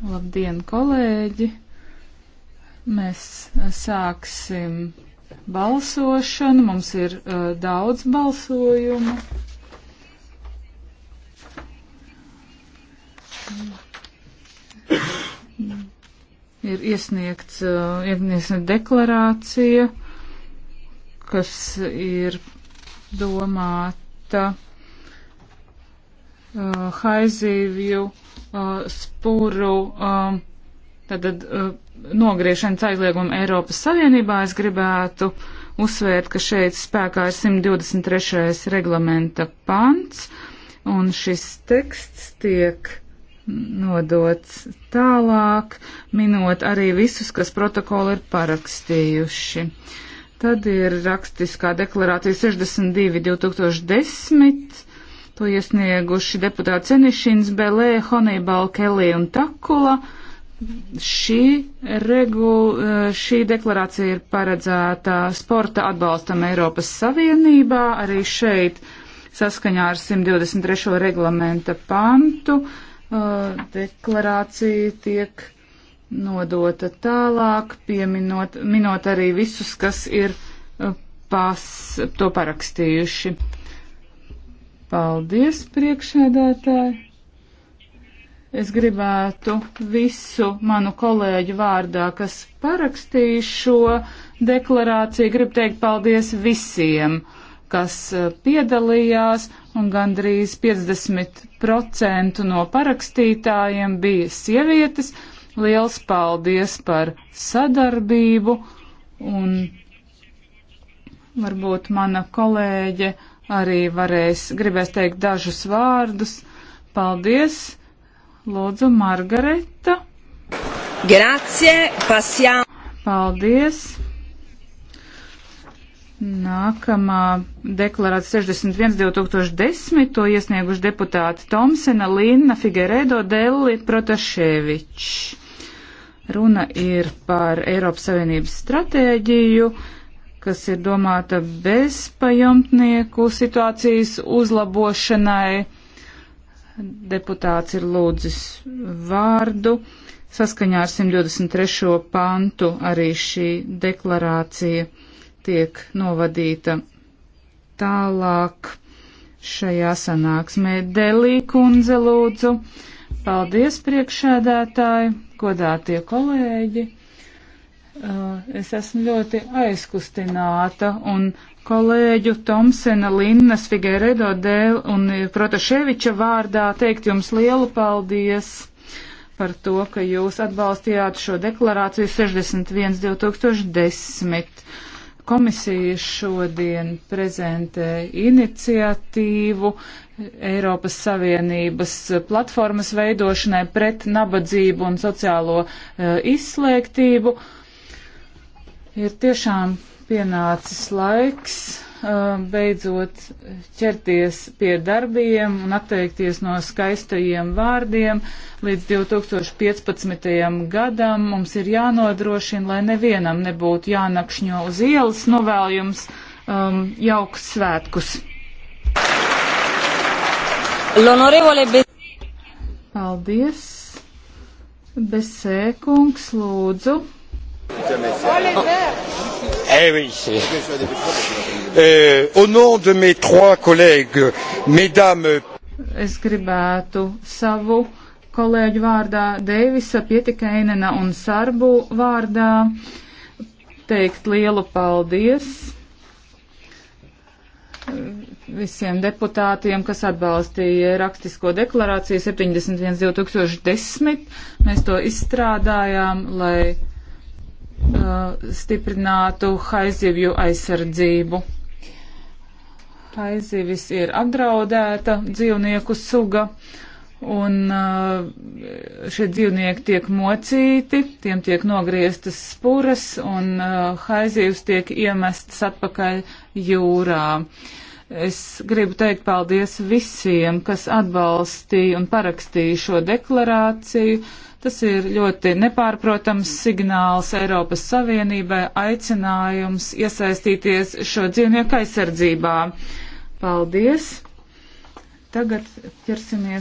Labdien, kolēģi! Mēs sāksim balsošanu. Mums ir uh, daudz balsojumu. Ir iesniegts, uh, iesniegta deklarācija, kas ir domāta uh, haizīvju uh, spuru uh, tātad, uh, nogriešanas aizliegumu Eiropas Savienībā, es gribētu uzsvērt, ka šeit spēkā ir 123. reglamenta pants, un šis teksts tiek nodots tālāk, minot arī visus, kas protokolu ir parakstījuši. Tad ir rakstiskā deklarācija 62 2010 To iesnieguši deputāti Cenišins, Belē, Honibal, Kelī un Takula. Šī, regu, šī deklarācija ir paredzēta sporta atbalstam Eiropas Savienībā, arī šeit saskaņā ar 123. reglamenta pantu. Deklarācija tiek nodota tālāk, pieminot minot arī visus, kas ir pas, to parakstījuši. Paldies, priekšēdētāji! Es gribētu visu manu kolēģu vārdā, kas parakstīja šo deklarāciju, gribu teikt paldies visiem, kas eh, piedalījās, un gandrīz 50% no parakstītājiem bija sievietes. Liels paldies par sadarbību, un varbūt mana kolēģe arī varēs, gribēs teikt dažus vārdus. Paldies! Lūdzu, Margareta! Grazie, pasjām! Paldies! Nākamā deklarācija 61. 2010. to iesnieguši deputāti Tomsena, Linna, Figueredo, Delli, Protaševičs. Runa ir par Eiropas Savienības stratēģiju kas ir domāta bezpajumtnieku situācijas uzlabošanai. Deputāts ir lūdzis vārdu. Saskaņā ar 123. pantu arī šī deklarācija tiek novadīta tālāk šajā sanāksmē. Delī kundze lūdzu. Paldies priekšēdētāji, godātie kolēģi! Uh, es esmu ļoti aizkustināta un kolēģu Tomsena, Linnas, Figueredo dēļ un Protaševiča vārdā teikt jums lielu paldies par to, ka jūs atbalstījāt šo deklarāciju 61 2010. Komisija šodien prezentē iniciatīvu Eiropas Savienības platformas veidošanai pret nabadzību un sociālo uh, izslēgtību. Uh, ir tiešām pienācis laiks uh, beidzot ķerties pie darbiem un atteikties no skaistajiem vārdiem. Līdz 2015. gadam mums ir jānodrošina, lai nevienam nebūtu jānakšņo uz ielas novēlījums um, jauks svētkus. Paldies. Besēkungs, lūdzu. Oliver. Eh oui. Eh, au nom de mes trois collègues, mesdames. Es gribētu savu kolēģu vārdā, Deivisa Pietikainena un Sarbu vārdā teikt lielu paldies visiem deputātiem, kas atbalstīja rakstisko deklarāciju 71.2010. Mēs to izstrādājām, lai uh, stiprinātu haizivju aizsardzību. Haizivis ir apdraudēta dzīvnieku suga, un uh, šie dzīvnieki tiek mocīti, tiem tiek nogrieztas spuras, un uh, haizivs tiek iemests atpakaļ jūrā. Es gribu teikt paldies visiem, kas atbalstīja un parakstīja šo deklarāciju. Uh, Tas ir ļoti nepārprotams signāls Eiropas Savienībai, aicinājums iesaistīties šo dzīvnieku aizsardzībā. Paldies! Tagad ķersimies.